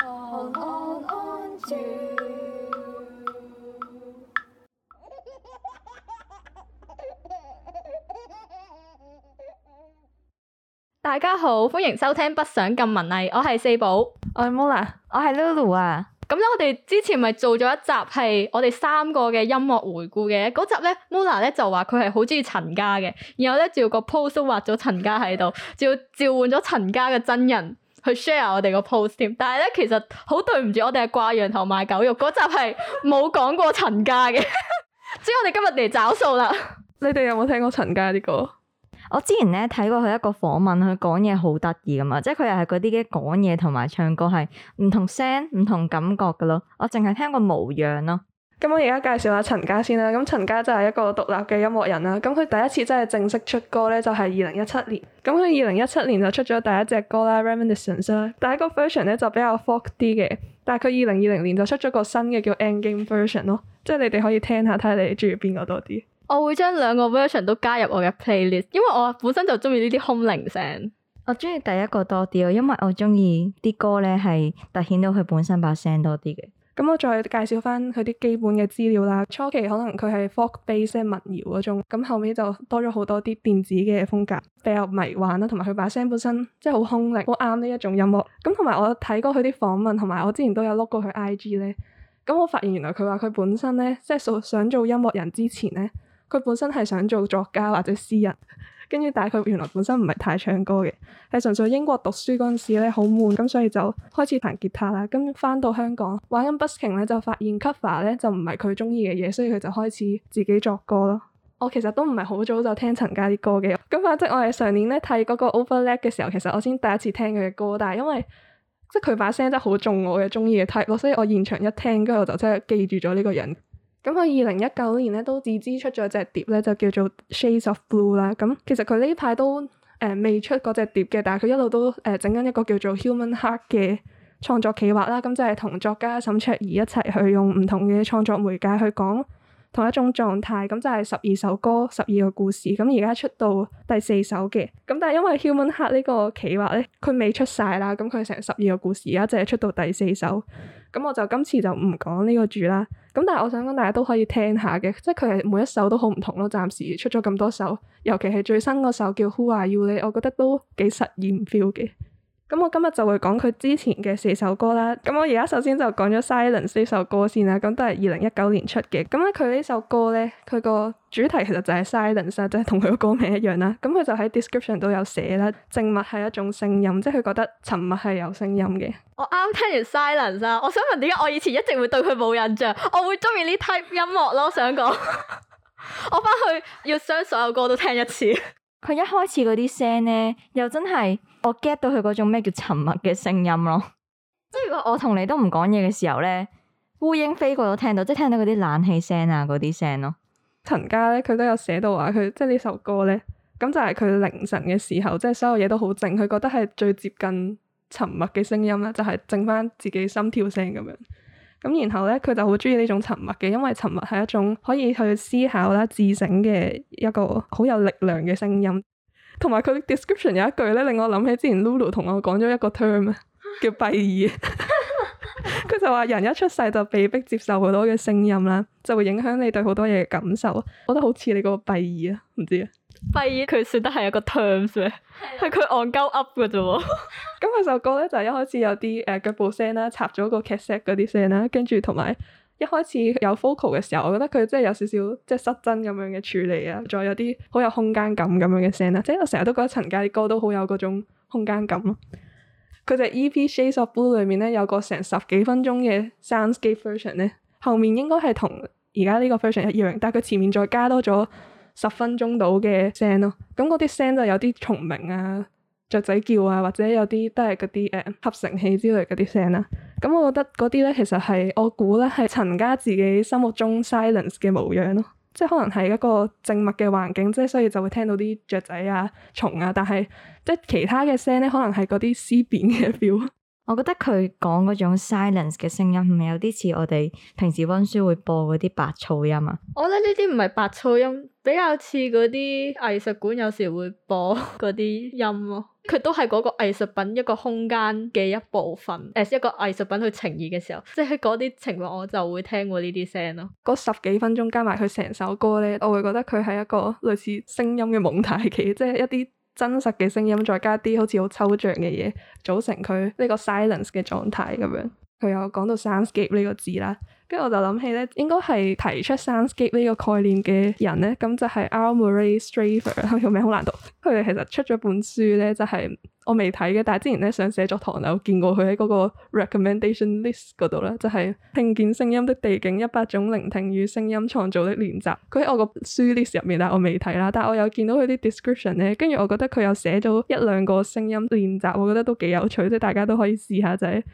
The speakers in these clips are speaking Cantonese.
All, all，大家好，歡迎收聽《不想咁文藝》，我是，我係四寶，我係 Mola，我係 Lulu 啊！咁呢，我哋之前咪做咗一集係我哋三個嘅音樂回顧嘅，嗰集呢 Mola 呢就話佢係好鍾意陳嘉嘅，然後咧照個 pose 畫咗陳嘉喺度，照召喚咗陳嘉嘅真人。去 share 我哋個 post 添，但係咧其實好對唔住，我哋係掛羊頭賣狗肉，嗰集係冇講過陳嘉嘅，即 係我哋今日嚟找數啦。你哋有冇聽過陳嘉啲歌？我之前咧睇過佢一個訪問，佢講嘢好得意噶嘛，即係佢又係嗰啲嘅講嘢同埋唱歌係唔同聲唔同感覺噶咯。我淨係聽過無恙咯。咁我而家介紹下陳嘉先啦，咁陳嘉就係一個獨立嘅音樂人啦。咁佢第一次真係正式出歌咧，就係二零一七年。咁佢二零一七年就出咗第一隻歌啦，《Reminiscence》啦，第一個 version 咧就比較 folk 啲嘅。但係佢二零二零年就出咗個新嘅叫《End Game》version 咯，即係你哋可以聽下睇下你哋中意邊個多啲。我會將兩個 version 都加入我嘅 playlist，因為我本身就中意呢啲空靈聲。我中意第一個多啲，因為我中意啲歌咧係突顯到佢本身把聲多啲嘅。咁我再介紹翻佢啲基本嘅資料啦。初期可能佢係 folk base 嘅民謠嗰種，咁後尾就多咗好多啲電子嘅風格，比較迷幻啦，同埋佢把聲本身即係好空靈，好啱呢一種音樂。咁同埋我睇過佢啲訪問，同埋我之前都有 look 過佢 IG 呢。咁我發現原來佢話佢本身呢，即係想做音樂人之前呢，佢本身係想做作家或者詩人。跟住，但係佢原來本身唔係太唱歌嘅，係純粹英國讀書嗰陣時咧好悶，咁所以就開始彈吉他啦。咁返到香港玩緊 busking 呢，就發現 cover 呢，就唔係佢中意嘅嘢，所以佢就開始自己作歌咯。我其實都唔係好早就聽陳嘉啲歌嘅，咁反正我哋上年呢，睇嗰個 overlap 嘅時候，其實我先第一次聽佢嘅歌，但係因為即係佢把聲真係好中我嘅中意嘅 type，所以我現場一聽，跟住我就真係記住咗呢個人。咁佢二零一九年咧都自資出咗隻碟呢，就叫做 Shades of Blue 啦。咁其實佢呢排都誒未、呃、出嗰隻碟嘅，但係佢一路都誒整緊一個叫做 Human Heart 嘅創作企劃啦。咁就係同作家沈卓怡一齊去用唔同嘅創作媒介去講同一種狀態。咁就係十二首歌，十二個故事。咁而家出到第四首嘅。咁但係因為 Human Heart 呢個企劃呢，佢未出晒啦。咁佢成十二個故事，而家就係出到第四首。咁我就今次就唔講呢個住啦。咁但係我想講，大家都可以聽下嘅，即係佢係每一首都好唔同咯。暫時出咗咁多首，尤其係最新嗰首叫 Who Are You 你，我覺得都幾實驗 feel 嘅。咁我今日就會講佢之前嘅四首歌啦。咁我而家首先就講咗 Silence 呢首歌先啦。咁都係二零一九年出嘅。咁咧佢呢首歌咧，佢個主題其實就係 Silence 啊，即係同佢個歌名一樣啦。咁佢就喺 description 都有寫啦。靜默係一種聲音，即係佢覺得沉默係有聲音嘅。我啱聽完 Silence 啊，我想問點解我以前一直會對佢冇印象？我會中意呢 type 音樂咯，想講。 我翻去要將所有歌都聽一次。佢一開始嗰啲聲咧，又真係。我 get 到佢嗰種咩叫沉默嘅聲音咯，即 係如果我同你都唔講嘢嘅時候咧，烏蠅飛過都聽到，即係聽到嗰啲冷氣聲啊，嗰啲聲咯。陳嘉咧佢都有寫到話佢，即係呢首歌咧，咁就係佢凌晨嘅時候，即係所有嘢都好靜，佢覺得係最接近沉默嘅聲音啦，就係、是、剩翻自己心跳聲咁樣。咁然後咧佢就好中意呢種沉默嘅，因為沉默係一種可以去思考啦、自省嘅一個好有力量嘅聲音。同埋佢 description 有一句咧，令我諗起之前 Lulu 同我講咗一個 term 啊，叫閉耳。佢 就話人一出世就被逼接受好多嘅聲音啦，就會影響你對好多嘢嘅感受。我覺得好似你嗰個閉耳啊，唔知啊。閉耳佢算得係一個 term s 咩？係佢戇鳩噏嘅啫。咁佢首歌咧就是、一開始有啲誒腳步聲啦，插咗個 cassette 嗰啲聲啦，跟住同埋。一開始有 focal 嘅時候，我覺得佢真係有少少即係失真咁樣嘅處理啊，再有啲好有空間感咁樣嘅聲啦。即係我成日都覺得陳嘉啲歌都好有嗰種空間感咯。佢隻 EP Shades of Blue 裏面咧有個成十幾分鐘嘅 Soundscape version 咧，後面應該係同而家呢個 version 一樣，但係佢前面再加多咗十分鐘到嘅聲咯。咁嗰啲聲就有啲蟲鳴啊。雀仔叫啊，或者有啲都係嗰啲誒合成器之類嗰啲聲啦。咁我覺得嗰啲咧，其實係我估咧係陳嘉自己心目中 silence 嘅模樣咯。即係可能係一個靜默嘅環境，即係所以就會聽到啲雀仔啊、蟲啊。但係即係其他嘅聲咧，可能係嗰啲思辨嘅 feel。我覺得佢講嗰種 silence 嘅聲音，咪有啲似我哋平時溫書會播嗰啲白噪音啊。我覺得呢啲唔係白噪音，比較似嗰啲藝術館有時會播嗰啲音咯。佢都係嗰個藝術品一個空間嘅一部分 as、呃、一個藝術品去呈現嘅時候，即係嗰啲情況，我就會聽過呢啲聲咯。嗰十幾分鐘加埋佢成首歌呢，我會覺得佢係一個類似聲音嘅蒙太奇，即係一啲真實嘅聲音，再加啲好似好抽象嘅嘢，組成佢呢個 silence 嘅狀態咁樣。佢有講到 soundscape 呢個字啦。跟住我就諗起咧，應該係提出 soundscape 呢個概念嘅人咧，咁就係 R. Murray Schafer 佢 個名好難讀。佢哋其實出咗本書咧，就係、是、我未睇嘅，但係之前咧上寫作堂就見過佢喺嗰個 recommendation list 嗰度啦，就係、是、聽見聲音的地景：一百種聆聽與聲音創造的練習。佢喺我個書 list 入面，但係我未睇啦。但我有見到佢啲 description 咧，跟住我覺得佢有寫咗一兩個聲音練習，我覺得都幾有趣，即係大家都可以試下就係、是，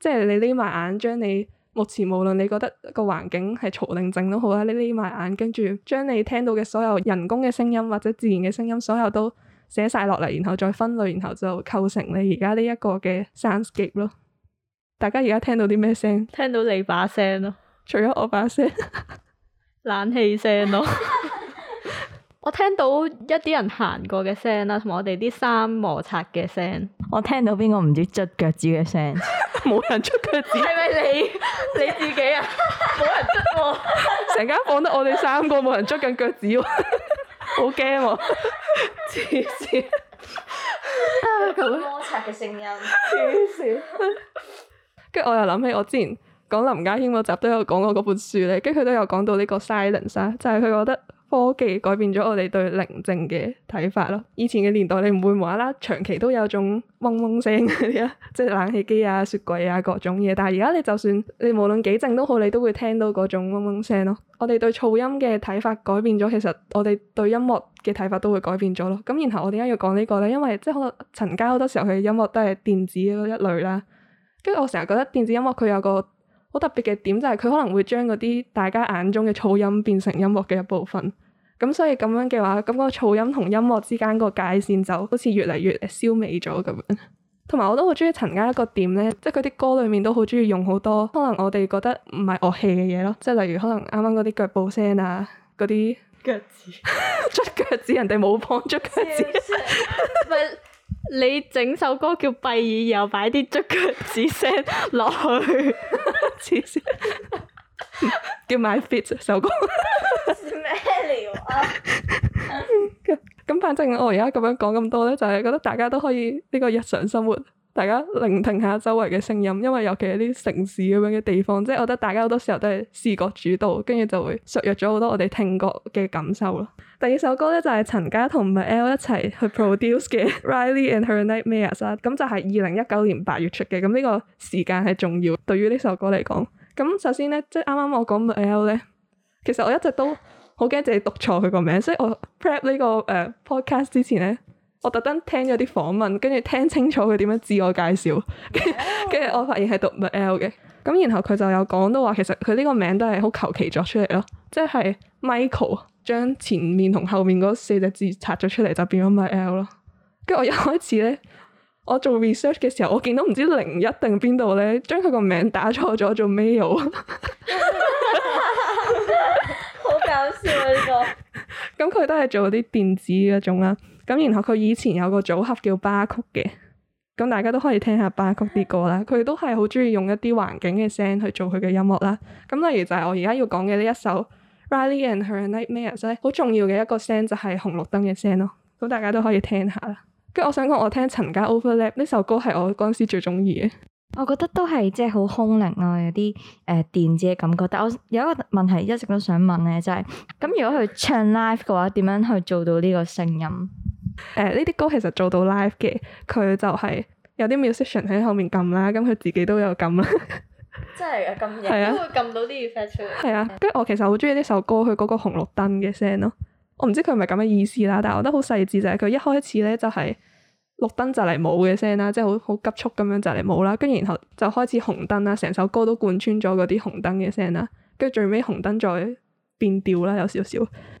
即係你匿埋眼將你。目前無論你覺得個環境係嘈定靜都好啦，你眯埋眼，跟住將你聽到嘅所有人工嘅聲音或者自然嘅聲音，所有都寫晒落嚟，然後再分類，然後就構成你而家呢一個嘅 soundscape 咯。大家而家聽到啲咩聲？聽到你把聲咯，除咗我把聲， 冷氣聲咯。 我聽到一啲人行過嘅聲啦，同埋我哋啲衫摩擦嘅聲。我聽到邊個唔知捽腳趾嘅聲。冇 人捽腳趾，係咪 你你自己啊？冇人捽喎，成間 房得我哋三個冇人捽緊腳趾喎， 好驚喎怕！黐線咁。摩 擦嘅聲音。黐線。跟住 我又諗起我之前講林家謙嗰集都有講過嗰本書咧，跟住佢都有講到呢個 silence 啦，就係佢覺得。科技改變咗我哋對寧靜嘅睇法咯。以前嘅年代你，你唔會話啦長期都有種嗡嗡聲嗰啲啊， 即係冷氣機啊、雪櫃啊各種嘢。但係而家你就算你無論幾靜都好，你都會聽到嗰種嗡嗡聲咯。我哋對噪音嘅睇法改變咗，其實我哋對音樂嘅睇法都會改變咗咯。咁然後我點解要講呢個咧？因為即係可能陳嘉好多時候佢嘅音樂都係電子嗰一類啦。跟住我成日覺得電子音樂佢有個好特別嘅點，就係、是、佢可能會將嗰啲大家眼中嘅噪音變成音樂嘅一部分。咁、嗯、所以咁樣嘅話，咁、那個噪音同音樂之間個界線就好似越嚟越誒消弭咗咁樣。同埋我都好中意陳嘉一個點呢，即係佢啲歌裏面都好中意用好多可能我哋覺得唔係樂器嘅嘢咯，即係例如可能啱啱嗰啲腳步聲啊，嗰啲腳趾，捽腳 趾，人哋冇幫捽腳趾，咪你整首歌叫閉耳，然後擺啲捽腳趾聲落去， 次才 叫 My Feet 首歌。 咁、 嗯、反正我而家咁樣講咁多呢，就係、是、覺得大家都可以呢個日常生活，大家聆聽下周圍嘅聲音，因為尤其係啲城市咁樣嘅地方，即係我覺得大家好多時候都係視覺主導，跟住就會削弱咗好多我哋聽覺嘅感受咯。第二首歌呢，就係、是、陳嘉同埋 MAEL 一齊去 produce 嘅 Riley and Her Nightmares 啦，咁、啊嗯、就係二零一九年八月出嘅。咁、嗯、呢、這個時間係重要對於呢首歌嚟講。咁、嗯、首先呢，即係啱啱我講 MAEL 呢，其實我一直都。好驚自己讀錯佢個名，所以我 prep 呢、這個誒、呃、podcast 之前呢，我特登聽咗啲訪問，跟住聽清楚佢點樣自我介紹，跟 住我發現係讀 MAEL 嘅，咁然後佢就有講到話，其實佢呢個名都係好求其作出嚟咯，即、就、係、是、Michael 將前面同後面嗰四隻字拆咗出嚟，就變咗 MAEL 咯，跟住我一開始呢，我做 research 嘅時候，我見到唔知零一定邊度呢，將佢個名打錯咗做 Mail。 呢個咁佢都係做啲電子嗰種啦。咁然後佢以前有個組合叫巴曲嘅，咁大家都可以聽下巴曲啲歌啦。佢都係好中意用一啲環境嘅聲去做佢嘅音樂啦。咁例如就係我而家要講嘅呢一首 Riley and Her Nightmares 咧，好重要嘅一個聲就係紅綠燈嘅聲咯。咁大家都可以聽下啦。跟住我想講，我聽陳嘉 overlap 呢首歌係我嗰陣時最中意嘅。我覺得都係即係好空靈啊，有啲誒、呃、電子嘅感覺。但我有一個問題一直都想問咧，就係、是、咁如果佢唱 live 嘅話，點樣去做到呢個聲音？誒、呃，呢啲歌其實做到 live 嘅，佢就係有啲 musician 喺後面撳啦，咁佢自己都有撳啦。 真係嘅，撳嘢都會撳到啲 effect 出嚟。係啊，跟住我其實好中意呢首歌，佢嗰個紅綠燈嘅聲咯。我唔知佢係咪咁嘅意思啦，但係我覺得好細致就係、是、佢一開始咧就係、是。綠燈就嚟冇嘅聲啦，即係好好急速咁樣就嚟冇啦，跟住然後就開始紅燈啦，成首歌都貫穿咗嗰啲紅燈嘅聲啦，跟住最尾紅燈再變調啦，有少少，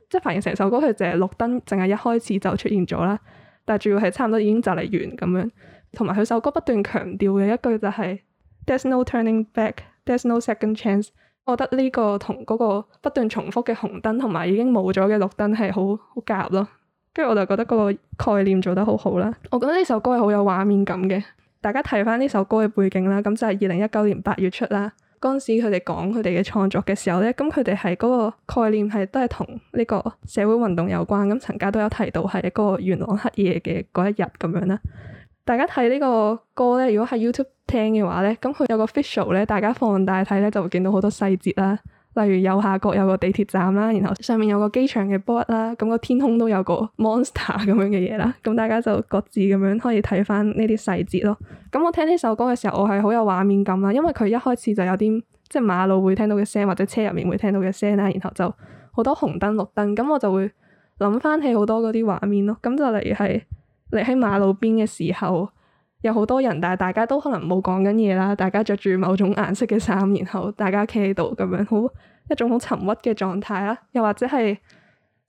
即係發現成首歌佢淨係綠燈，淨係一開始就出現咗啦，但係仲要係差唔多已經就嚟完咁樣，同埋佢首歌不斷強調嘅一句就係 There's no turning back, There's no second chance，我覺得呢個同嗰個不斷重複嘅紅燈同埋已經冇咗嘅綠燈係好好夾咯。跟住我就覺得嗰個概念做得好好啦。我覺得呢首歌係好有畫面感嘅。大家睇返呢首歌嘅背景啦，咁就係二零一九年八月出啦。嗰陣時佢哋講佢哋嘅創作嘅時候呢，咁佢哋係嗰個概念係都係同呢個社會運動有關。咁陳嘉都有提到係一個元朗黑夜嘅嗰一日咁樣啦。大家睇呢個歌呢，如果喺 YouTube 聽嘅話呢，咁佢有個 official 呢，大家放大睇呢就會見到好多細節啦。例如右下角有個地鐵站啦，然後上面有個機場嘅 board 啦，咁個天空都有個 monster 咁樣嘅嘢啦，咁大家就各自咁樣可以睇翻呢啲細節咯。咁我聽呢首歌嘅時候，我係好有畫面感啦，因為佢一開始就有啲即係馬路會聽到嘅聲，或者車入面會聽到嘅聲啦，然後就好多紅燈、綠燈，咁我就會諗翻起好多嗰啲畫面咯。咁就例如係你喺馬路邊嘅時候。有好多人，但係大家都可能冇講緊嘢啦。大家着住某種顏色嘅衫，然後大家企喺度咁樣，好一種好沉鬱嘅狀態啦。又或者係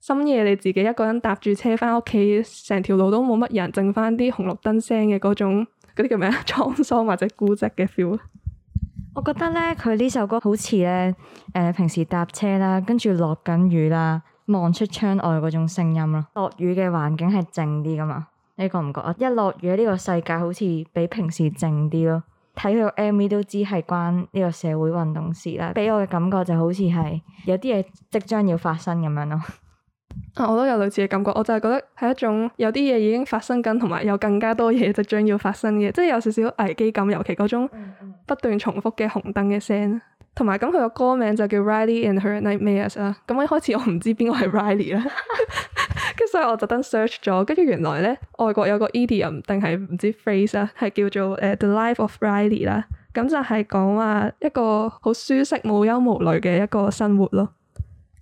深夜你自己一個人搭住車翻屋企，成條路都冇乜人，剩翻啲紅綠燈聲嘅嗰種，嗰啲叫咩啊？滄桑或者孤寂嘅 feel。我覺得呢，佢呢首歌好似呢，誒、呃、平時搭車啦，跟住落緊雨啦，望出窗外嗰種聲音咯，落雨嘅環境係靜啲噶嘛。你覺唔覺啊？一落雨呢個世界好似比平時靜啲咯，睇佢個 MV 都知係關呢個社會運動事啦。俾我嘅感覺就好似係有啲嘢即將要發生咁樣咯。啊，我都有類似嘅感覺，我就係覺得係一種有啲嘢已經發生緊，同埋有更加多嘢即將要發生嘅，即係有少少危機感。尤其嗰種不斷重複嘅紅燈嘅聲，同埋咁佢個歌名就叫 Riley and Her Nightmares 啦。咁、啊、一開始我唔知邊個係 Riley 啦。 跟住所以我特登 search 咗，跟住原來咧外國有個 idiom 定係唔知 phrase 啊，係叫做誒、uh, The Life of Riley 啦，咁就係講話一個好舒適無憂無慮嘅一個生活咯。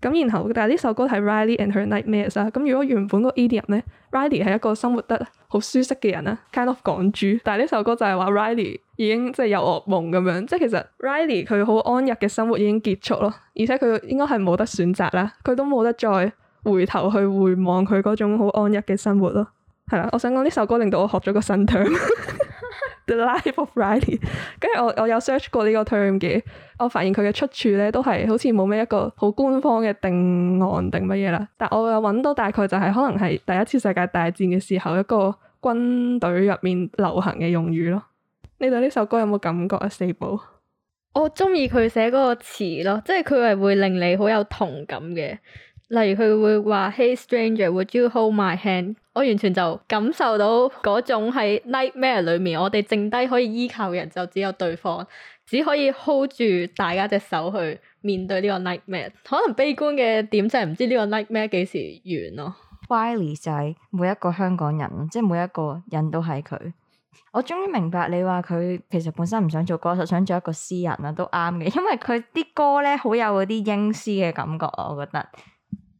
咁然後但係呢首歌係 Riley and Her Nightmares 啦。咁、啊、如果原本個 idiom 咧，Riley 係一個生活得好舒適嘅人啦，kind of 港豬。但係呢首歌就係話 Riley 已經即係有噩夢咁樣，即係其實 Riley 佢好安逸嘅生活已經結束咯，而且佢應該係冇得選擇啦，佢都冇得再。回頭去回望佢嗰種好安逸嘅生活咯，係啦。我想講呢首歌令到我學咗個新 term，The Life of Riley。跟住我我有 search 過呢個 term 嘅，我發現佢嘅出處呢都係好似冇咩一個好官方嘅定案定乜嘢啦。但我有揾到大概就係可能係第一次世界大戰嘅時候一個軍隊入面流行嘅用語咯。你對呢首歌有冇感覺啊？四寶，我中意佢寫嗰個詞咯，即係佢係會令你好有同感嘅。例如佢會話 Hey stranger, would you hold my hand？我完全就感受到嗰種喺 nightmare 裏面，我哋剩低可以依靠嘅人就只有對方，只可以 hold 住大家隻手去面對呢個 nightmare。可能悲觀嘅點就係唔知呢個 nightmare 幾時完咯。Riley 就係每一個香港人，即係每一個人都係佢。我終於明白你話佢其實本身唔想做歌手，想做一個詩人呀，都啱嘅，因為佢啲歌咧好有嗰啲英詩嘅感覺，我覺得。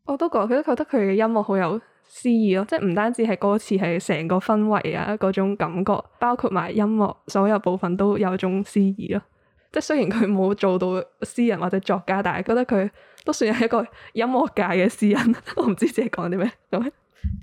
我都覺，佢都覺得佢嘅音樂好有詩意咯，即係唔單止係歌詞，係成個氛圍啊，嗰種感覺，包括埋音樂所有部分都有種詩意咯。即係雖然佢冇做到詩人或者作家，但係覺得佢都算係一個音樂界嘅詩人。我唔知自己講啲咩？咁，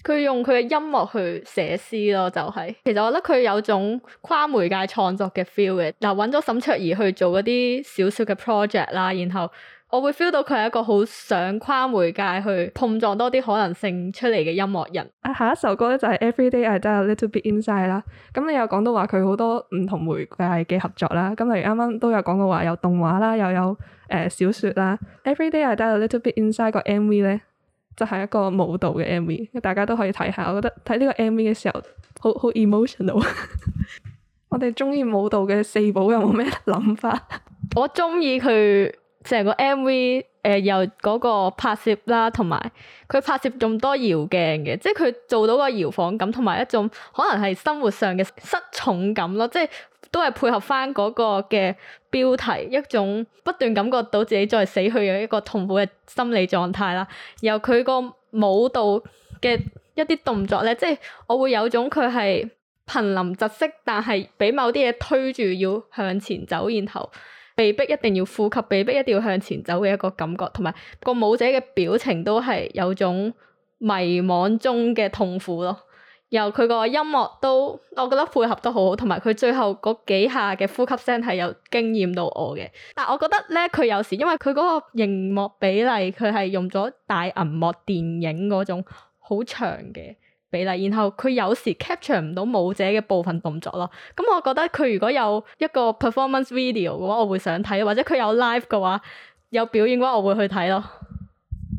佢用佢嘅音樂去寫詩咯，就係、是。其實我覺得佢有種跨媒介創作嘅 feel 嘅，嗱揾，咗沈卓怡去做一啲小小嘅 project 啦，然後。我會 feel 到佢係一個好想跨媒介去碰撞多啲可能性出嚟嘅音樂人。啊，下一首歌咧就係 Every Day I Die A Little Bit Inside 啦。咁你又講到話佢好多唔同媒介嘅合作啦。咁例如啱啱都有講過話有動畫啦，又有誒小說啦。Every Day I Die A Little Bit Inside 個 MV 咧，就係一個舞蹈嘅 MV，大家都可以睇下。我覺得睇呢個 MV 嘅時候，好好 emotional。我哋中意舞蹈嘅四寶有冇咩諗法？我中意佢。成個 M V 誒、呃，由嗰個拍攝啦，同埋佢拍攝咁多搖鏡嘅，即係佢做到個搖晃感，同埋一種可能係生活上嘅失重感咯，即係都係配合翻嗰個嘅標題，一種不斷感覺到自己在死去嘅一個痛苦嘅心理狀態啦。然後佢個舞蹈嘅一啲動作咧，即係我會有種佢係瀕臨窒息，但係俾某啲嘢推住要向前走，然後。被迫一定要呼吸，被迫一定要向前走嘅一個感覺，同埋個舞者嘅表情都係有種迷惘中嘅痛苦咯。然後佢個音樂都，我覺得配合得好好，同埋佢最後嗰幾下嘅呼吸聲係有驚艷到我嘅。但我覺得咧，佢有時因為佢嗰個熒幕比例，佢係用咗大銀幕電影嗰種好長嘅。比例，然後佢有時 capture 唔到舞者嘅部分動作咯。咁我覺得佢如果有一個 performance video 嘅話，我會想睇；或者佢有 live 嘅話，有表演嘅話，我會去睇咯。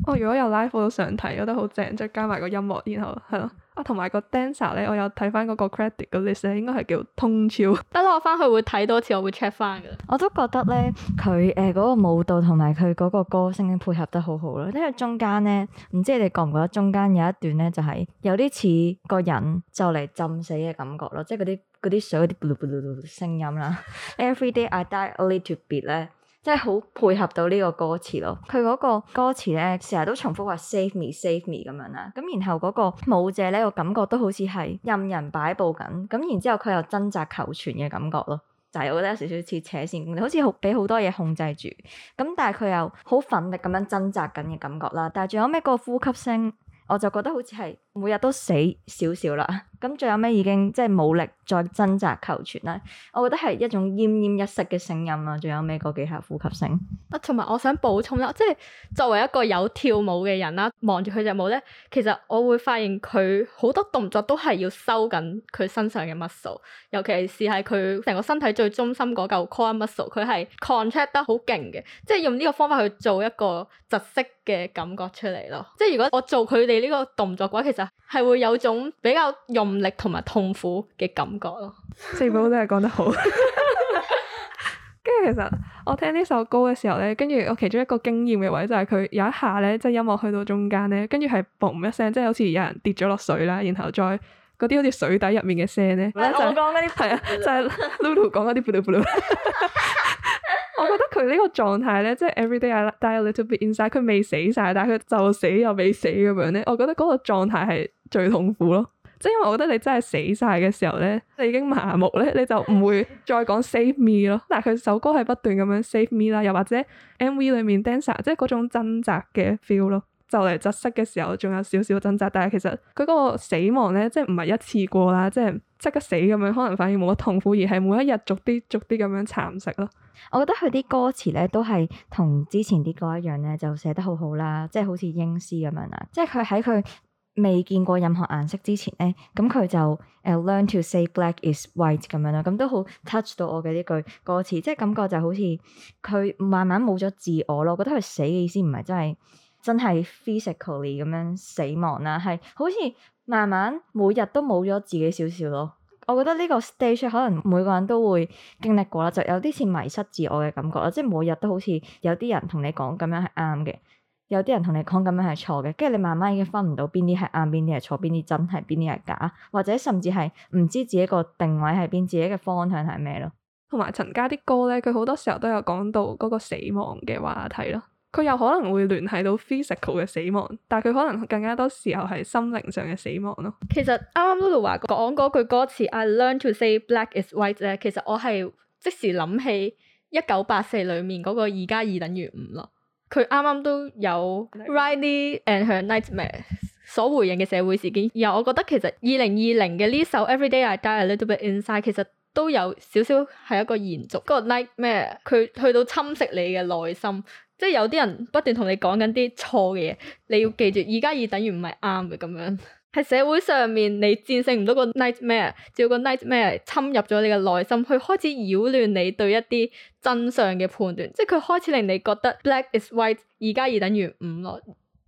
我如果有 live 我都想睇，我覺得好正，再加埋個音樂，然後係咯，啊同埋個 dancer 咧，我有睇翻嗰個 credit 嗰啲 list 咧，應該係叫通超。得咯，我翻去會睇多次，我會 check 翻噶。我都覺得咧，佢誒嗰個舞蹈同埋佢嗰個歌聲配合得好好咯。因為中間咧，唔知你哋覺唔覺得中間有一段咧，就係有啲似個人就嚟浸死嘅感覺咯，即係嗰啲嗰啲水嗰啲 BluBluBlu 嘅聲音啦。Every day I die a little bit 咧。即係好配合到呢個歌詞咯，佢嗰個歌詞咧成日都重複話 save me save me 咁樣啦，咁然後嗰個舞者咧個感覺都好似係任人擺布緊，咁然之後佢又掙扎求全嘅感覺咯，就係、是、我覺得有少少似扯線工，好似好俾好多嘢控制住，咁但係佢又好奮力咁樣掙扎緊嘅感覺啦，但係仲有咩嗰、那個呼吸聲，我就覺得好似係。每日都死少少啦，咁最後已經即係冇力再掙扎求存啦。我覺得係一種奄奄一息嘅聲音啊，仲有咩嗰幾下呼吸聲啊。同埋我想補充啦，即係作為一個有跳舞嘅人啦，望住佢隻舞咧，其實我會發現佢好多動作都係要收緊佢身上嘅 muscle，尤其是係佢成個身體最中心嗰嚿 core muscle，佢係 contract 得好勁嘅，即係用呢個方法去做一個窒息嘅感覺出嚟咯。即係如果我做佢哋呢個動作嘅話，其實。係會有種比較用力同埋痛苦嘅感覺咯，四寶真係講得好。跟住其實我聽呢首歌嘅時候咧，跟住我其中一個驚豔嘅位就係佢有一下咧，即係音樂去到中間咧，跟住係 boom 一聲，即係好似有人跌咗落水啦，然後再嗰啲好似水底入面嘅聲咧，就講嗰啲係啊，就係 Lulu 講嗰啲。我覺得佢呢個狀態咧，即係 Every Day I Die A Little Bit Inside，佢未死晒，但係佢就死又未死咁樣咧。我覺得嗰個狀態係最痛苦咯，即係因為我覺得你真係死晒嘅時候咧，你已經麻木咧，你就唔會再講 save me 咯。但係佢首歌係不斷咁樣 save me 啦，又或者 MV 裏面 dancer，即係嗰種掙扎嘅 feel 咯。就嚟窒息嘅時候，仲有少少掙扎，但係其實佢嗰個死亡咧，即係唔係一次過啦，即係即刻死咁樣，可能反而冇咗痛苦，而係每一日逐啲逐啲咁樣蠶食咯。我覺得佢啲歌詞咧，都係同之前啲歌一樣咧，就寫得好好啦，即係好似《英詩》咁樣啊，即係佢喺佢未見過任何顏色之前咧，咁佢就 I learn to say black is white 咁樣啦，咁都好 touch 到我嘅呢句歌詞，即係感覺就好似佢慢慢冇咗自我咯，我覺得佢死嘅意思唔係真係。真係 physically 咁樣死亡啦，係好似慢慢每日都冇咗自己少少咯。我覺得呢個 stage 可能每個人都會經歷過啦，就有啲似迷失自我嘅感覺啦。即係每日都好似有啲人同你講咁樣係啱嘅，有啲人同你講咁樣係錯嘅，跟住你慢慢已經分唔到邊啲係啱，邊啲係錯，邊啲真係，邊啲係假，或者甚至係唔知自己個定位係邊，自己嘅方向係咩咯。同埋陳嘉啲歌咧，佢好多時候都有講到嗰個死亡嘅話題咯。佢有可能會聯繫到 physical 嘅死亡，但係佢可能更加多時候係心靈上嘅死亡咯。其實啱啱 Lulu 話講嗰句歌詞，I learn to say black is white 咧，其實我係即時諗起一九八四裡面嗰個二加二等於五咯。佢啱啱都有 Riley and Her Nightmares 所回應嘅社會事件，然後我覺得其實二零二零嘅呢首 Every Day I Die A Little Bit Inside 其實都有少少係一個延續嗰個 Nightmare，佢去到侵蝕你嘅內心。即係有啲人不斷同你講緊啲錯嘅嘢，你要記住二加二等於唔係啱嘅咁樣。喺 社會上面，你戰勝唔到個 nightmare，只要個 nightmare 侵入咗你嘅內心，佢開始擾亂你對一啲真相嘅判斷。即係佢開始令你覺得 black is white，二加二等於五咯。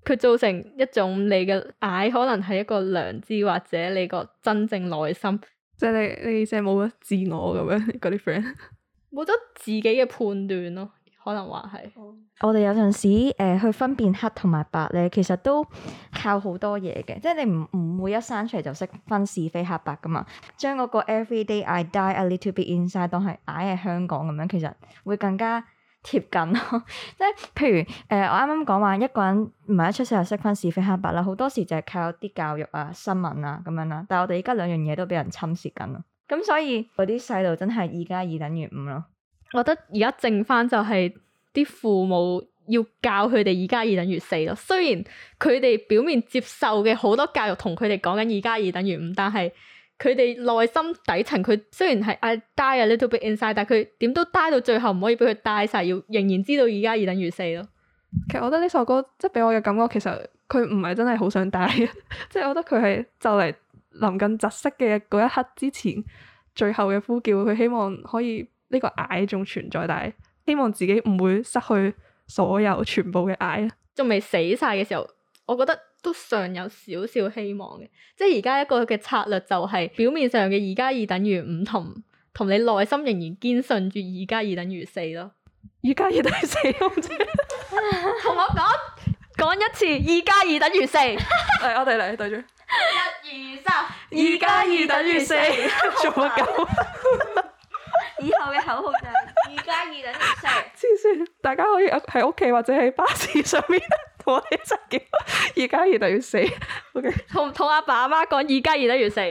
佢造成一種你嘅矮可能係一個良知或者你個真正內心，即係你你成冇咗自我咁樣嗰啲 friend，冇咗自己嘅判斷咯。可能話係，oh。我哋有陣時誒、呃、去分辨黑同埋白咧，其實都靠好多嘢嘅，即係你唔唔會一生出嚟就識分是非黑白噶嘛。將嗰個 Every day I die a little bit inside 當係矮係香港咁樣，其實會更加貼近咯。 即係譬如誒、呃，我啱啱講話一個人唔係一出世就識分是非黑白啦，好多時就係靠啲教育啊、新聞啊咁樣啦。但係我哋而家兩樣嘢都俾人侵蝕緊咯，咁所以嗰啲細路真係二加二等於五咯。我覺得而家剩翻就係啲父母要教佢哋，二加二等於四咯。雖然佢哋表面接受嘅好多教育，同佢哋講緊二加二等於五，但係佢哋內心底層，佢雖然係 I die a little bit inside，但係佢點都 die 到最後唔可以俾佢 die 晒，要仍然知道二加二等於四咯。其實我覺得呢首歌即係畀我嘅感覺，其實佢唔係真係好想 die， 即係我覺得佢係就嚟臨近窒息嘅嗰一刻之前，最後嘅呼叫，佢希望可以。呢個矮仲存在，但係希望自己唔會失去所有全部嘅矮啊！仲未死晒嘅時候，我覺得都尚有少少，少希望嘅。即係而家一個嘅策略就係表面上嘅二加二等於五，同同你內心仍然堅信住二加二等於四咯。二加二等於四，同 我講講一次，二加二等於四。嚟、 哎、我哋嚟對住，一二三，二加二等於四，做乜咁？ 有 9 以後嘅口號就係二加二等於四，黐線！大家可以喺屋企或者喺巴士上面同我哋一齊叫二加二等於四。O K，同同阿爸阿媽講二加二等於四，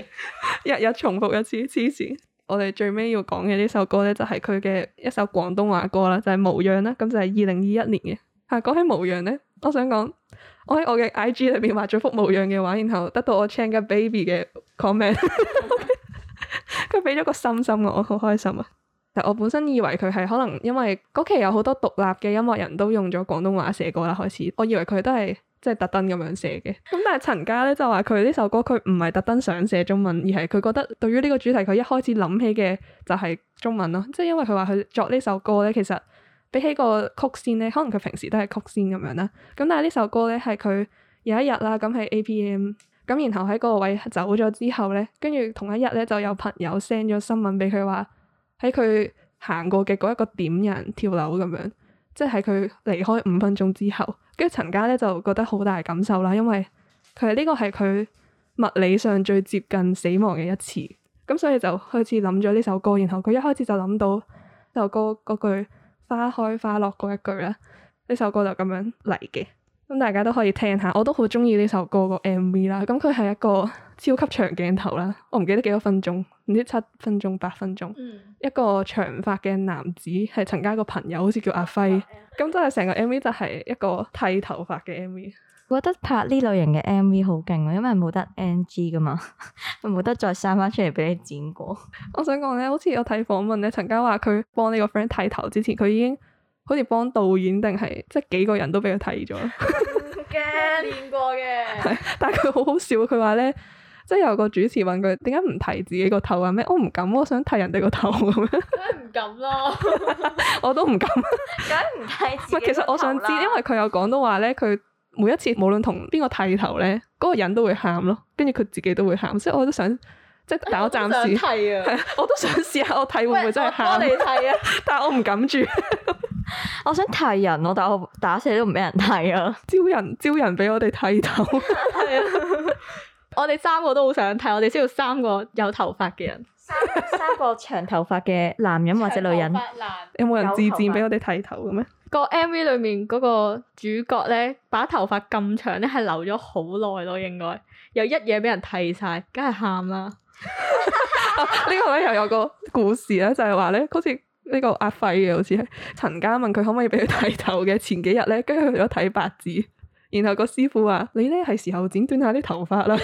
日日重複一次，黐線！我哋最尾要講嘅呢首歌呢，就係佢嘅一首廣東話歌啦，就係、是《無恙》啦。咁就係二零二一年嘅。啊，講起《無恙》呢，我想講，我喺我嘅 I G 裏面畫咗幅《無恙》嘅畫，然後得到我 CHANKA 嘅 Baby 嘅 comment。 佢俾咗個心心我，我好開心啊！但我本身以為佢係可能因為嗰期有好多獨立嘅音樂人都用咗廣東話寫歌啦，開始，我以為佢都係即係特登咁樣寫嘅。咁但係陳嘉呢就話佢呢首歌佢唔係特登上寫中文，而係佢覺得對於呢個主題佢一開始諗起嘅就係中文咯。即係因為佢話佢作呢首歌呢，其實比起個曲線呢，可能佢平時都係曲線咁樣啦。咁但係呢首歌呢，係佢有一日啦，咁喺 A P M。咁然後喺嗰個位走咗之後呢，跟住同一日呢，就有朋友 send 咗新聞俾佢話，喺佢行過嘅嗰一個點有人跳樓咁樣，即係佢離開五分鐘之後，跟住陳嘉呢，就覺得好大感受啦，因為佢呢個係佢物理上最接近死亡嘅一次，咁所以就開始諗咗呢首歌，然後佢一開始就諗到首歌嗰句花開花落嗰一句啦，呢首歌就咁樣嚟嘅。咁大家都可以聽下，我都好中意呢首歌個 M V 啦。咁佢係一個超級長鏡頭啦，我唔記得幾多分鐘，唔知七分鐘、八分鐘。嗯、一個長髮嘅男子係陳嘉個朋友，好似叫阿輝。咁真係成個 M V 就係一個剃頭髮嘅 M V。我覺得拍呢類型嘅 M V 好勁，因為冇得 N G 噶嘛，冇 得再生翻出嚟俾你剪過。我想講咧，好似我睇訪問咧，陳嘉話佢幫呢個 friend 剃頭之前，佢已經。好似幫導演定係，即係幾個人都俾佢剃咗。唔驚怕，練過嘅。係，但係佢好好笑，佢話咧，即係有個主持問佢，點解唔剃自己個頭啊？咩？我唔敢，我想剃人哋個頭咁、啊、樣。你唔 敢咯、啊？ 我都唔敢。梗唔 剃、啊。 其實我想知，因為佢有講到話咧，佢每一次無論同邊個剃頭咧，嗰、那個人都會喊咯，跟住佢自己都會喊，所以我都想即係，但我暫時、哎、我剃啊， 我都想試下我剃會唔會真係喊。我幫你剃啊， 但係我唔敢住。 我想剃人，我但我打死都唔畀人剃啊！招人，招人，招人畀我哋剃頭， 我哋三個都好想剃，我哋需要三個有頭髮嘅人，三三個長頭髮嘅男人或者女人，有冇人自薦畀我哋剃頭嘅咩？ 髮個 MV 裏面嗰個主角呢，把頭髮咁長呢，係留咗好耐咯，應該又一嘢畀人剃晒，梗係喊啦！呢個咧又有個故事咧，就係、是、話呢，好似。呢個阿費嘅好似係陳家問佢可唔可以畀佢剃頭嘅前幾日咧，跟住去咗睇八字，然後個師傅話：你咧係時候剪短下啲頭髮啦。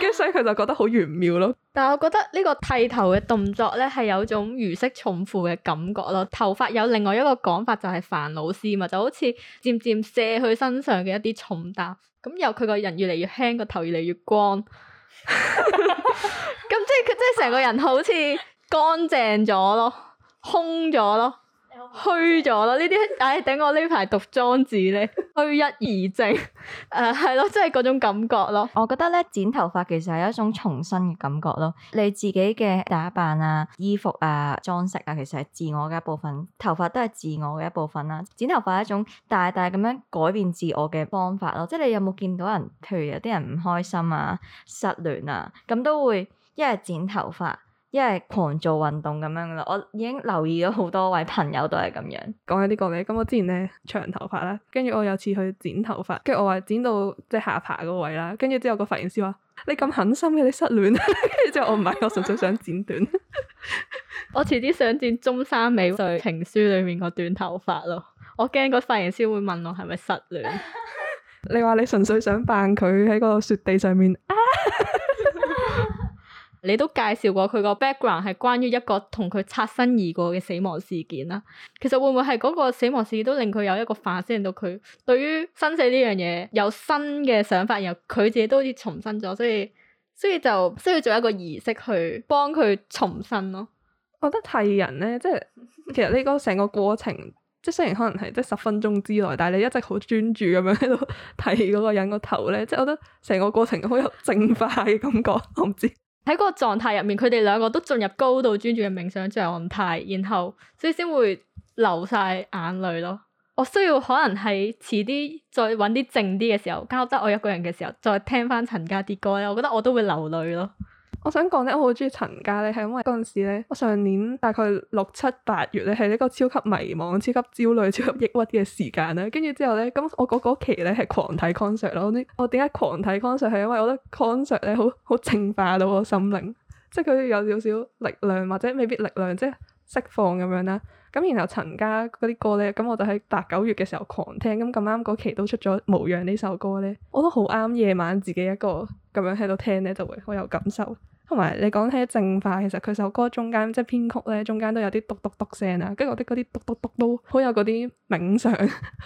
跟住 所以佢就覺得好玄妙咯。 但係我覺得呢個剃頭嘅動作咧，係有種如釋重負嘅感覺咯。頭髮有另外一個講法就係煩惱絲嘛，就好似漸漸卸去身上嘅一啲重擔，咁由佢個人越嚟越輕，個頭越嚟越光。咁即係佢即係成個人好似乾淨咗咯。空咗咯，虛咗咯，呢啲唉，頂我呢排讀莊子咧，虛一而靜，誒係咯，即係嗰種感覺咯。我覺得咧，剪頭髮其實係一種重新嘅感覺咯。你自己嘅打扮啊、衣服啊、裝飾啊，其實係自我嘅一部分，頭髮都係自我嘅一部分啦。剪頭髮係一種大大咁樣改變自我嘅方法咯。即係你有冇見到人？譬如有啲人唔開心啊、失戀啊，咁都會一係剪頭髮。因為狂做運動咁樣啦，我已經留意咗好多位朋友都係咁樣講緊呢個例。咁我之前咧長頭髮啦，跟住我有次去剪頭髮，跟住我話剪到即係下巴個位啦，跟住之後個髮型師話：你咁狠心嘅，你失戀。跟 住我唔係，我純粹想剪短。 我遲啲想剪中山美穗情書裏面個短頭髮咯，我驚個髮型師會問我係咪失戀。 你話你純粹想扮佢喺嗰個雪地上面啊？ 你都介紹過佢個 background 係關於一個同佢擦身而過嘅死亡事件啦。其實會唔會係嗰個死亡事件都令佢有一個反思，令到佢對於生死呢樣嘢有新嘅想法，然後佢自己都好似重生咗，所以所以就需要做一個儀式去幫佢重生咯。我覺得剃人咧，即係其實呢個成個過程，即係雖然可能係即係十分鐘之內，但係你一直好專注咁樣喺度剃嗰個人個頭咧，即係我覺得成個過程好有淨化嘅感覺。我唔知。喺嗰個狀態入面，佢哋兩個都進入高度專注嘅冥想狀態，然後所以先會流晒眼淚咯。我需要可能係遲啲再揾啲靜啲嘅時候，交得我一個人嘅時候，再聽翻陳嘉啲歌咧，我覺得我都會流淚咯。我想講呢，我好中意陳嘉咧，係因為嗰陣時呢，我上年大概六七八月咧，係一個超級迷茫、超級焦慮、超級抑鬱嘅時間咧。跟住之後呢，咁我嗰個期咧係狂睇 concert 咯。我點解狂睇 concert 係因為我覺得 concert 呢好好淨化到我心靈，即係佢有少少力量或者未必力量，即係釋放咁樣啦。咁然後陳嘉嗰啲歌呢，咁我就喺八九月嘅時候狂聽，咁咁啱嗰期都出咗《無恙》呢首歌呢，我都好啱夜晚自己一個咁樣喺度聽呢就會好有感受。同埋你講起淨化，其實佢首歌中間即係編曲呢，中間都有啲篤篤篤聲啊，跟住我啲嗰啲篤篤篤都好有嗰啲冥想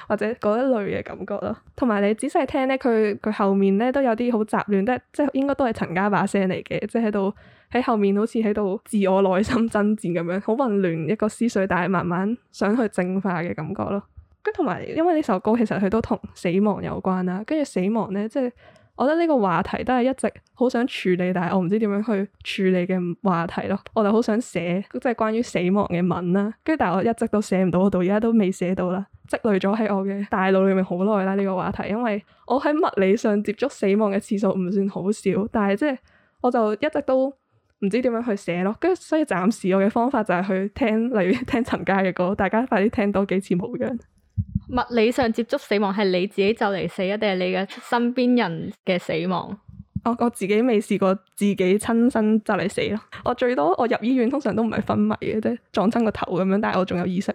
或者嗰一類嘅感覺咯。同埋你仔細聽呢，佢佢後面呢都有啲好雜亂，即係即係應該都係陳嘉把聲嚟嘅，即係喺度。喺後面好似喺度自我內心掙戰咁樣，好混亂一個思緒，但係慢慢想去淨化嘅感覺咯。跟同埋因為呢首歌其實佢都同死亡有關啦，跟住死亡咧，即係我覺得呢個話題都係一直好想處理，但係我唔知點樣去處理嘅話題咯。我就好想寫即係關於死亡嘅文啦，跟住但係我一直都寫唔到嗰度，而家都未寫到啦，積累咗喺我嘅大腦裏面好耐啦呢個話題，因為我喺物理上接觸死亡嘅次數唔算好少，但係即係我就一直都，唔知點樣去寫咯，跟住所以暫時我嘅方法就係去聽，例如聽陳嘉嘅歌，大家快啲聽多幾次無恙。物理上接觸死亡係你自己就嚟死啊，定係你嘅身邊人嘅死亡？ 我我自己未試過自己親身就嚟死咯，我最多我入醫院通常都唔係昏迷嘅啫，撞親個頭咁樣，但係我仲有意識。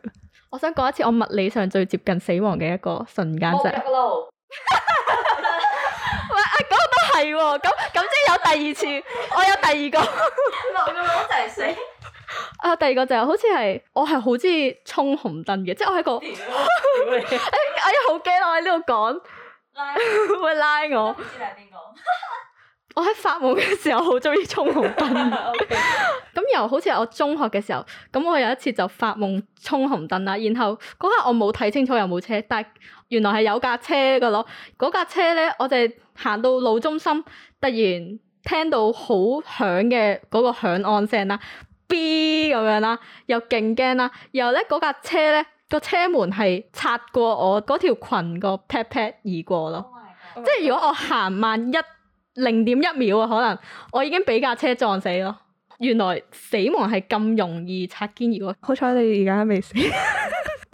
我想講一次我物理上最接近死亡嘅一個瞬間就係。係喎，咁咁先有第二次，啊、我有第二個，六六六第四。啊，第二個就、啊、 好似係我係好中意衝紅燈嘅，即係我係一個， 哎呀好驚我喺呢度講，拉你 會拉我。唔知你係邊個？ 我喺發夢嘅時候 Okay. 好中意衝紅燈。咁又好似我中學嘅時候，咁我有一次就發夢衝紅燈啦。然後嗰下我冇睇清楚有冇車，但係原來係有架車嘅咯。嗰、那、架、個、車呢，我哋、就是。那個行到路中心，突然聽到好響嘅嗰個響安聲啦，嗶咁樣啦，又勁驚啦。然後呢，嗰架車呢，個車門係擦過我嗰條裙個 pat pat 而過咯。Oh my God. 即係如果我行慢一零點一秒啊，可能我已經俾架車撞死咯。原來死亡係咁容易擦肩而過。好彩你而家未死。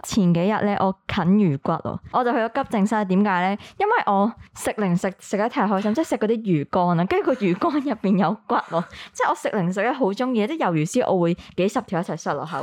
前幾日咧，我啃魚骨哦，我就去咗急症室。點解咧？因為我食零食食得太開心，即係食嗰啲魚肝啊。跟住個魚肝入邊有骨喎，即係我食零食咧好中意，即係魷魚絲我會幾十條一齊塞落口，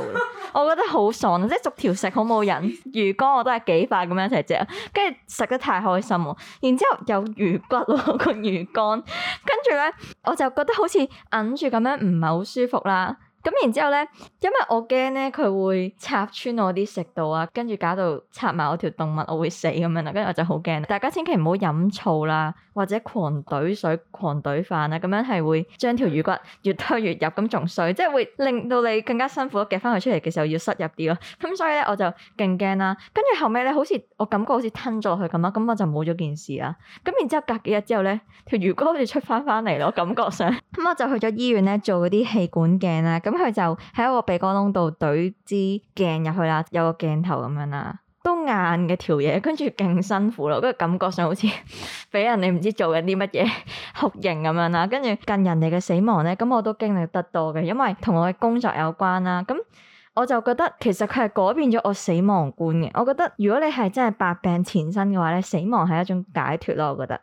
我覺得好爽啊！即係逐條食好冇癮，魚肝我都係幾塊咁樣一齊食，跟住食得太開心，然之後有魚骨咯，個魚肝。跟住咧我就覺得好似哽住咁樣唔係好舒服啦。咁然之後咧，因為我驚咧佢會插穿我啲食道啊，跟住搞到插埋我條動物，我會死咁樣啦。跟住我就好驚，大家千祈唔好飲醋啦，或者狂懟水，狂懟飯啊，咁樣係會將條魚骨越推越入咁仲衰，即係會令到你更加辛苦咯。夾翻佢出嚟嘅時候要塞入啲咯、啊。咁所以咧我就勁驚啦。跟住後尾咧，好似我感覺好似吞咗佢去咁啊，咁我就冇咗件事啦。咁然之後隔幾日之後咧，條魚骨好似出翻翻嚟咯，感覺上咁、嗯、我就去咗醫院咧做嗰啲氣管鏡啦。咁佢就喺一個鼻哥窿度懟支鏡入去啦，有個鏡頭咁樣啦，都硬嘅條嘢，跟住勁辛苦咯，跟住感覺上好似俾 人哋唔知做緊啲乜嘢酷刑咁樣啦，跟住近人哋嘅死亡咧，咁我都經歷得多嘅，因為同我嘅工作有關啦。咁我就覺得其實佢係改變咗我死亡觀嘅。我覺得如果你係真係百病纏身嘅話咧，死亡係一種解脫咯，我覺得。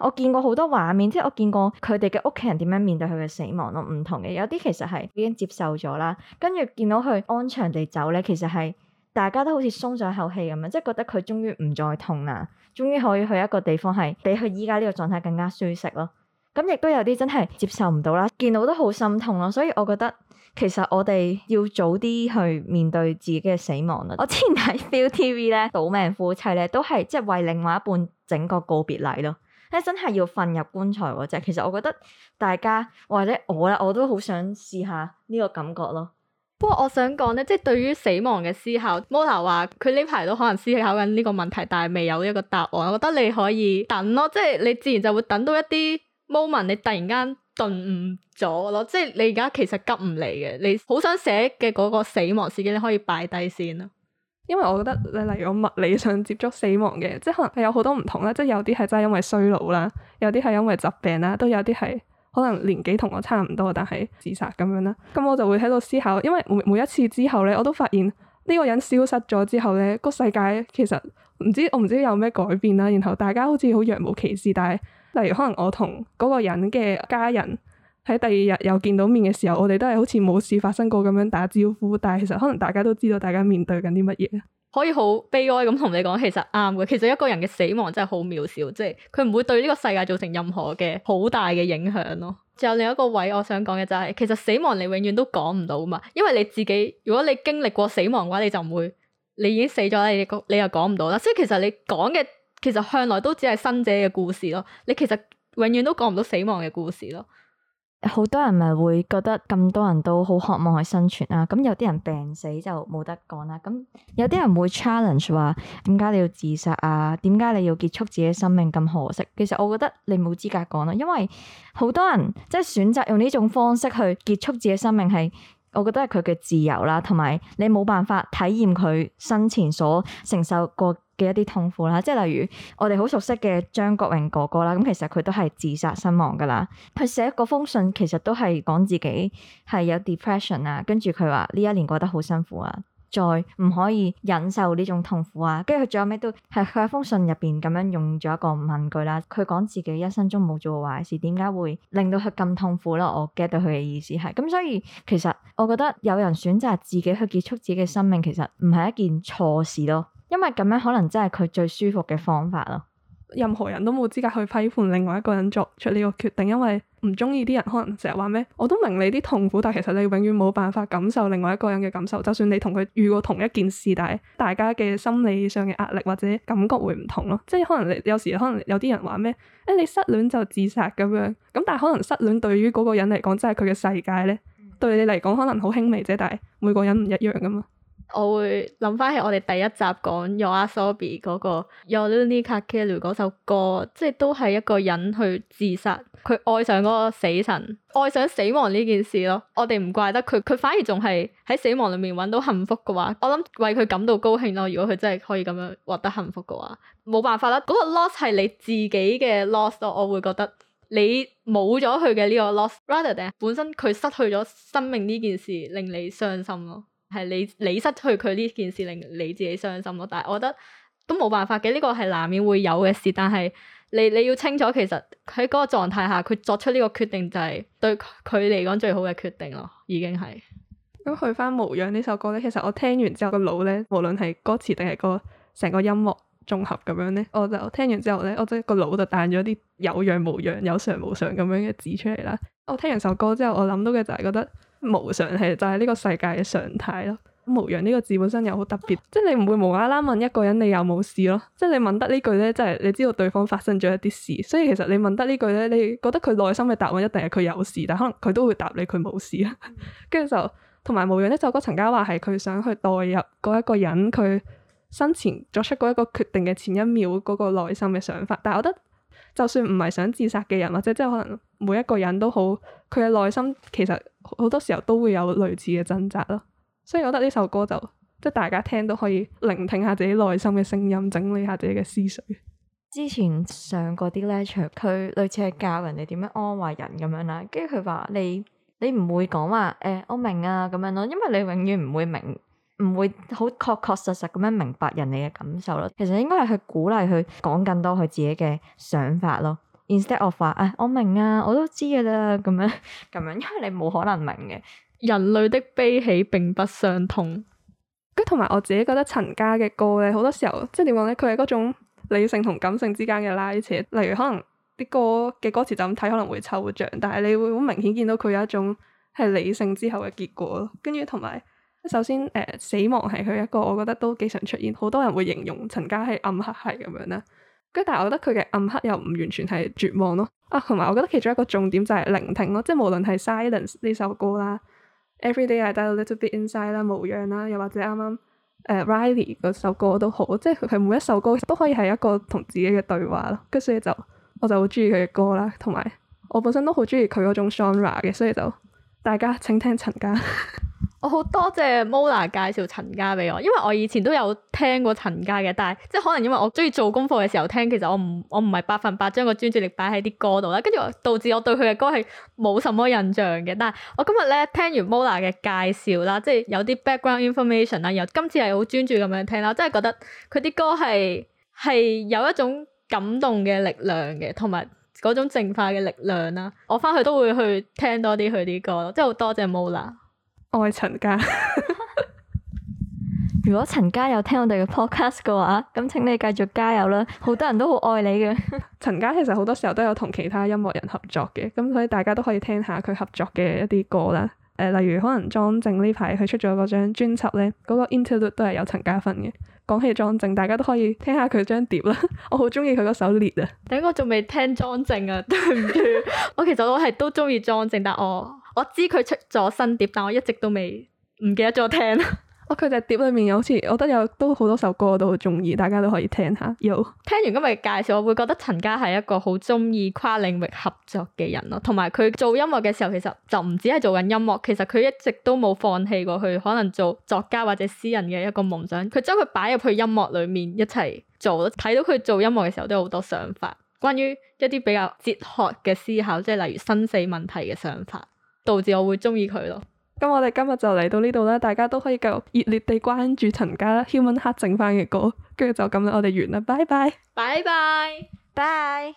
我見過好多畫面，即係我見過佢哋嘅屋企人點樣面對佢嘅死亡咯，唔同嘅有啲其實係已經接受咗啦，跟住見到佢安詳地走咧，其實係大家都好似鬆咗一口氣咁樣，即係覺得佢終於唔再痛啦，終於可以去一個地方係比佢依家呢個狀態更加舒適咯。咁亦都有啲真係接受唔到啦，見到都好心痛咯。所以我覺得其實我哋要早啲去面對自己嘅死亡咯。我之前睇 ViuTV 咧，賭命夫妻咧都係即係為另外一半整個告別禮咯。呢真係要瞓入棺材嗰隻，其實我覺得大家或者我咧，我都好想試下呢個感覺咯。不過我想講咧，即係對於死亡嘅思考，Mola 話佢呢排都可能思考緊呢個問題，但係未有一個答案。我覺得你可以等咯，即係你自然就會等到一啲 moment，你突然間頓悟咗咯。即係你而家其實急唔嚟嘅，你好想寫嘅嗰個死亡事件，你可以擺低先咯。因為我覺得，你例如我物理上接觸死亡嘅，即係可能係有好多唔同啦，即係有啲係真係因為衰老啦，有啲係因為疾病啦，都有啲係可能年紀同我差唔多，但係自殺咁樣啦。咁我就會喺度思考，因為每每一次之後呢，我都發現呢個人消失咗之後呢，個世界其實唔知我唔知有咩改變啦。然後大家好似好若無其事，但係例如可能我同嗰個人嘅家人。喺第二日又見到面嘅時候，我哋都係好似冇事發生過咁樣打招呼。但係其實可能大家都知道，大家面對緊啲乜嘢，可以好悲哀咁同你講。其實啱嘅，其實一個人嘅死亡真係好渺小，即係佢唔會對呢個世界造成任何嘅好大嘅影響咯。仲有另一個位，我想講嘅就係其實死亡你永遠都講唔到嘛，因為你自己如果你經歷過死亡嘅話，你就唔會你已經死咗你你又講唔到啦。所以其實你講嘅其實向來都只係生者嘅故事咯。你其實永遠都講唔到死亡嘅故事咯。好多人咪會覺得咁多人都好渴望去生存啊。咁有啲人病死就冇得講啦。咁有啲人會 challenge 話，點解你要自殺啊？點解你要結束自己嘅生命咁可惜？其實我覺得你冇資格講啦，因為好多人即係選擇用呢種方式去結束自己嘅生命，係我覺得係佢嘅自由啦，同埋你冇辦法體驗佢生前所承受過嘅一啲痛苦啦，即係例如我哋好熟悉嘅張國榮哥哥啦，咁其實佢都係自殺身亡噶啦。佢寫嗰封信其實都係講自己係有 depression 啊，跟住佢話呢一年過得好辛苦啊，再唔可以忍受呢種痛苦啊，跟住佢最後尾都係佢喺封信入邊咁樣用咗一個問句啦，佢講自己一生中冇做過壞事，點解會令到佢咁痛苦咯？我 get 到佢嘅意思係，咁所以其實我覺得有人選擇自己去結束自己嘅生命，其實唔係一件錯事咯。因為咁樣可能真係佢最舒服嘅方法咯。任何人都冇資格去批判另外一個人作出呢個決定，因為唔中意啲人可能成日話咩，我都明你啲痛苦，但其實你永遠冇辦法感受另外一個人嘅感受。就算你同佢遇過同一件事，但係大家嘅心理上嘅壓力或者感覺會唔同咯。即係可能你有時可能有啲人話咩，誒、哎、你失戀就自殺咁樣，咁但係可能失戀對於嗰個人嚟講真係佢嘅世界咧，對你嚟講可能好輕微啫，但係每個人唔一樣噶嘛。我會諗翻起我哋第一集講 YOASOBI 嗰個 Yoru ni Kakeru 嗰首歌，即係都係一個人去自殺，佢愛上嗰個死神，愛上死亡呢件事咯。我哋唔怪得佢，佢反而仲係喺死亡裏面搵到幸福嘅話，我諗為佢感到高興咯。如果佢真係可以咁樣獲得幸福嘅話，冇辦法啦。嗰個 loss 係你自己嘅 loss 咯，我會覺得你冇咗佢嘅呢個 loss rather 本身佢失去咗生命呢件事令你傷心咯。係你你失去佢呢件事令你自己傷心咯，但係我覺得都冇辦法嘅，呢個係難免會有嘅事。但係你你要清楚，其實喺嗰個狀態下，佢作出呢個決定就係對佢嚟講最好嘅決定咯，已經係。咁去翻無恙呢首歌咧，其實我聽完之後個腦咧，無論係歌詞定係個成個音樂綜合咁樣咧，我就聽完之後咧，我即係個腦就彈咗啲有恙無恙、有常無常咁樣嘅字出嚟啦。我聽完首歌之後，我諗到嘅就係覺得。無常係就係、是、呢個世界嘅常態咯。無恙呢、這個字本身又好特別，即係你唔會無啦啦問一個人你有冇事咯，即係你問得呢句呢，即、就、係、是、你知道對方發生咗一啲事，所以其實你問得呢句呢，你覺得佢內心嘅答案一定係佢有事，但可能佢都會答你佢冇事啦。跟 住就同埋無恙呢，就嗰陳嘉話係佢想去代入嗰一個人佢生前作出嗰一個決定嘅前一秒嗰個內心嘅想法。但係我覺得就算唔係想自殺嘅人，或者即係可能。每一個人都好，佢嘅內心其實好多時候都會有類似嘅掙扎咯。所以我覺得呢首歌就即係大家聽都可以聆聽下自己內心嘅聲音，整理下自己嘅思緒。之前上過啲 lecture，佢類似係教人哋點樣安慰人咁樣啦。跟住佢話你你唔會講話誒，我明啊咁樣咯，因為你永遠唔會明，唔會好確確實實咁樣明白人哋嘅感受咯。其實應該係去鼓勵佢講更多佢自己嘅想法咯。instead of 話，誒，我明啊，我都知噶啦，咁樣咁樣，因為你冇可能明嘅。人類的悲喜並不相通。跟同埋我自己覺得陳嘉嘅歌咧，好多時候即係點講咧，佢係嗰種理性同感性之間嘅拉扯。例如可能啲歌嘅歌詞就咁睇，可能會抽象，但係你會好明顯見到佢有一種係理性之後嘅結果。跟住同埋首先誒、呃，死亡係佢一個，我覺得都幾常出現。好多人會形容陳嘉係暗黑系咁樣啦。跟住，但係我覺得佢嘅暗黑又唔完全係絕望咯。啊，同埋我覺得其中一個重點就係聆聽咯，即係無論係 Silence 呢首歌啦，Every Day I Die A Little Bit Inside 啦，無恙啦，又或者啱啱誒 Riley 嗰首歌都好，即係佢每一首歌都可以係一個同自己嘅對話咯。跟住所以就我就好中意佢嘅歌啦，同埋我本身都好中意佢嗰種 genre 嘅，所以就大家請聽陳嘉。 我好多謝 Mola 介紹陳嘉俾我，因為我以前都有聽過陳嘉嘅，但係即係可能因為我中意做功課嘅時候聽，其實我唔我唔係百分百將個專注力擺喺啲歌度啦，跟住我導致我對佢嘅歌係冇什麼印象嘅。但係我今日咧聽完 Mola 嘅介紹啦，即係有啲 background information 啦，又今次係好專注咁樣聽啦，真係覺得佢啲歌係係有一種感動嘅力量嘅，同埋嗰種淨化嘅力量啦。我翻去都會去聽多啲佢啲歌咯，即係好多謝 Mola。愛陳嘉 ，如果陳嘉有聽我哋嘅 podcast 嘅話，咁請你繼續加油啦！好多人都好愛你嘅。陳 嘉其實好多時候都有同其他音樂人合作嘅，咁所以大家都可以聽下佢合作嘅一啲歌啦。誒、呃，例如可能莊正呢排佢出咗嗰張專輯咧，嗰、嗰個 interlude 都係有陳嘉分嘅。講起莊正，大家都可以聽下佢張碟啦。 我好中意佢嗰首烈啊。等我仲未聽莊正啊，對唔住。 我其實我係都中意莊正，但我。我知佢出咗新碟，但我一直都未唔記得咗聽啦、 哦。佢隻碟裏面有好似，我覺得有都好多首歌我都好中意，大家都可以聽下。有聽完今日嘅介紹，我會覺得陳嘉係一個好中意跨領域合作嘅人咯。同埋佢做音樂嘅時候，其實就唔止係做緊音樂，其實佢一直都冇放棄過去可能做作家或者詩人嘅一個夢想。佢將佢擺入去音樂裏面一齊做，睇到佢做音樂嘅時候都有好多想法，關於一啲比較哲學嘅思考，即係例如生死問題嘅想法。導致我會中意佢咯。咁我哋今日就嚟到呢度啦，大家都可以繼續熱烈地關注陳嘉啦。HUMAN HEART 整翻嘅歌，跟住就咁啦，我哋完啦，拜拜，拜拜，拜。